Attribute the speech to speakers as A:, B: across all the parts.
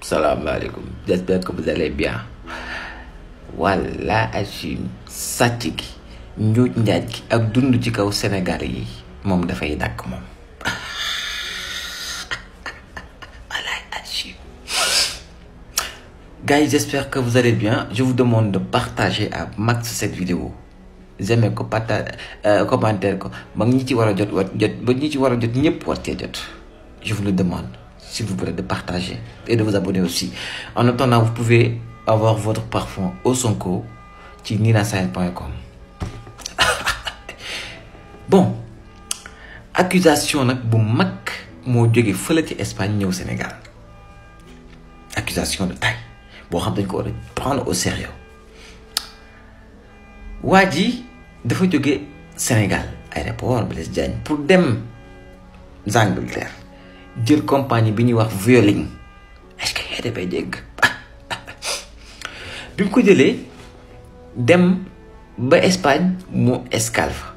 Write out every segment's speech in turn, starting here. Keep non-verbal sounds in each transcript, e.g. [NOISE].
A: Salam alaikum. J'espère que vous allez bien. Voilà, Achim, Satik. gi njuuj njaaj ak dund ci kaw Sénégal yi moom dafay Voilà, moom. [LAUGHS] Guys, j'espère que vous allez bien. Je vous demande de partager à max cette vidéo. J'aime que je vous le demande. Si vous voulez de partager et de vous abonner aussi. En attendant, vous pouvez avoir votre parfum au Sonko, ninasahel.com. [LAUGHS] bon, accusation nak bu mak mo jógee fële ci Espagne au Sénégal accusation de taille bon xam dañ ko prendre au sérieux Wadi dafa jóge Sénégal aéroport Blaise Diagne pour dem Angleterre jël compagnie bi ñuy wax violin est-ce que xëy dafay dégg [LAUGHS] bi mu ko jëlee dem ba Espagne mu Escalve.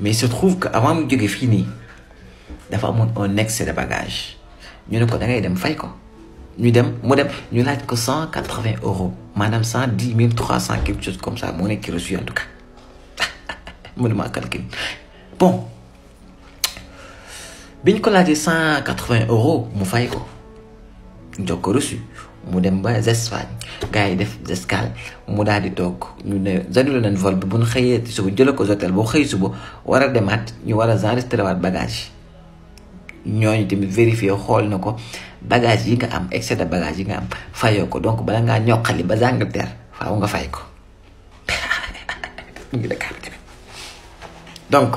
A: mais se trouve que avant mu jóge fii nii dafa amoon un excès de bagage ñu ne ko da ngay dem fay ko ñu dem mu dem ñu laaj ko cent quatre euros maanaam cent dix mille trois cent quelque chose comme ça moo nekk reçu en tout cas [LAUGHS] ma calcul bon biñ ko laajee euros mu fay ko jox ko reçu mu dem ba def mu ne vol bi bu ñu xëyee ci suba jëlee ko hôtel boo xëy suba war a demaat ñu enregistré waat bagage ñooñu tamit vérifié bagage yi nga am excès de bagage donc bala ngaa ba faaw nga [LAUGHS] donc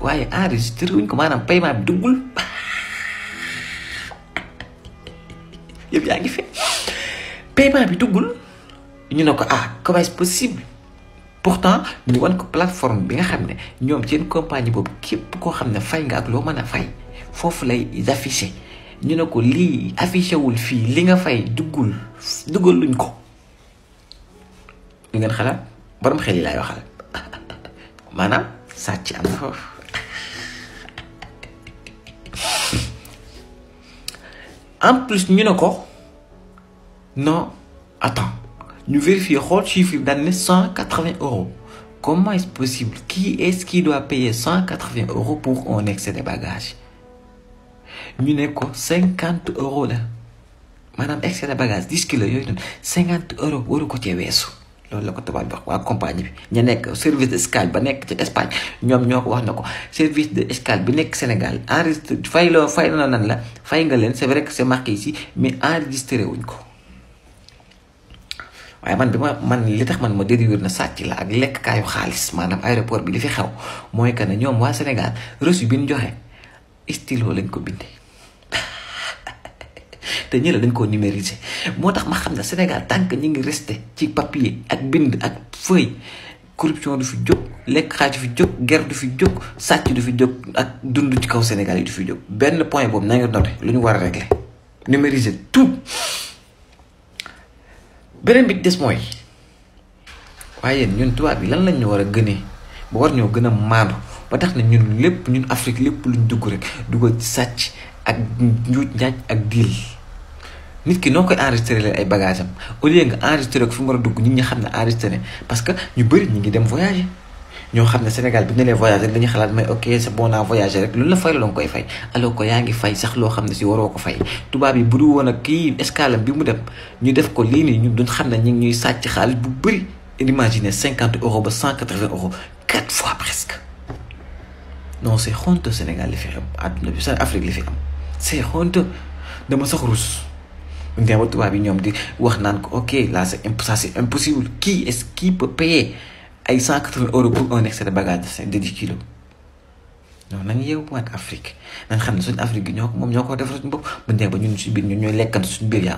A: waaye enregistré wuñ ko maanaam paiement bi duggul yëpp yaa bi duggul ñu ne ko ah comment ah, est-ce possible pourtant ñu wan ko plateforme bi nga xam ne ñoom seen compagnie boobu képp koo xam ne fay nga ak loo mën a fay foofu lay affiché ñu ne ko lii affiché wul fii li nga fay duggul duggal luñ ko lu ngeen xalaat borom xel yi laay waxal maanaam sàcc am na foofu en plus nous pas ko non attends ñu vérifions, le chiffre d'année 180 euros comment est-ce possible qui est-ce qui doit payer 180 euros pour un excès de bagages Nous, n'avons 50 euros là. madame excès de bagages 10 le 50 euros pour ko ci verso. loolu la ko tubaab bi wax waa compagnie bi ña nekk service d'escale ba nekk ci Espagne ñoom ñoo ko wax na ko service d'escale bi nekk Sénégal enregistré fay loo fay na nan la fay nga leen c'est vrai que c'est marqué ici mais enregistré wuñ ko waaye man bi ma man li tax man ma déduire na sàcc la ak lekkaayu xaalis maanaam aéroport bi li fi xew mooy que ne ñoom waa Sénégal reçu bi ñu joxe stylo lañ ko bindee. te ñi la dañ koo numériser moo tax ma xam ne Sénégal tant que ñu ngi resté ci papier ak bind ak feuille corruption du fi jóg lekk xaaj fi jóg ger du fi jóg sàcc du fi jóg ak dund ci kaw Sénégal yi du fi jóg benn point boobu na nga lu ñu war a régler numériser tout beneen bi des mooy waaye ñun tubaab yi lan lañ ñu war a gënee ba war ñoo gën a maandu ba tax na ñun lépp ñun Afrique lépp luñ dugg rek duggal ci sàcc ak njuuj njaaj ak diil nit ki noo koy enregistré leen ay bagages am au lieu nga enregistré ko fi mu war a dugg nit ñi xam ne enregistré parce que ñu bëri ñu ngi dem voyager ñoo xam ne Sénégal bi ñu leen voyagé rek dañuy xalaat may ok c'est bon naa voyagé rek loolu la fay la nga koy fay alors que yaa ngi fay sax loo xam ne si waroo ko fay tubaab yi bu du woon ak kii escale bi mu dem ñu def ko lii nii ñu duñ xam ne ñu ngi ñuy sàcc xaalis bu bëri imaginer cinquante euros ba cent quatre-vingts euros quatre fois presque non c'est honte Sénégal li fi am àdduna bi sax Afrique li fi am c'est honte dama sax rus il y a ñoom di wax ok c'est impossible qui est-ce qui peut payer 180 euros pour un excès de bagage de dix kilos non nañ en Afrique nañ xam ne suñ Afrique ñoo ko moom ñoo ko defar ba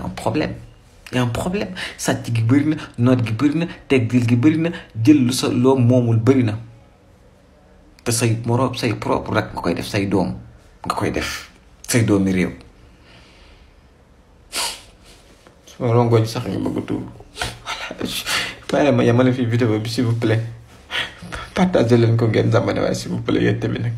A: un problème et un problème sàcc gi bëri na noot gi bëri na jël lu sa loo moomul bëri say say propre koy def rongoñ sax nga bëgg a tuur voilà ma yamale fii vidéo bi s'il vous plaît partagez leen ko ngeen zamane waaye s'il vous plaît yéen tamit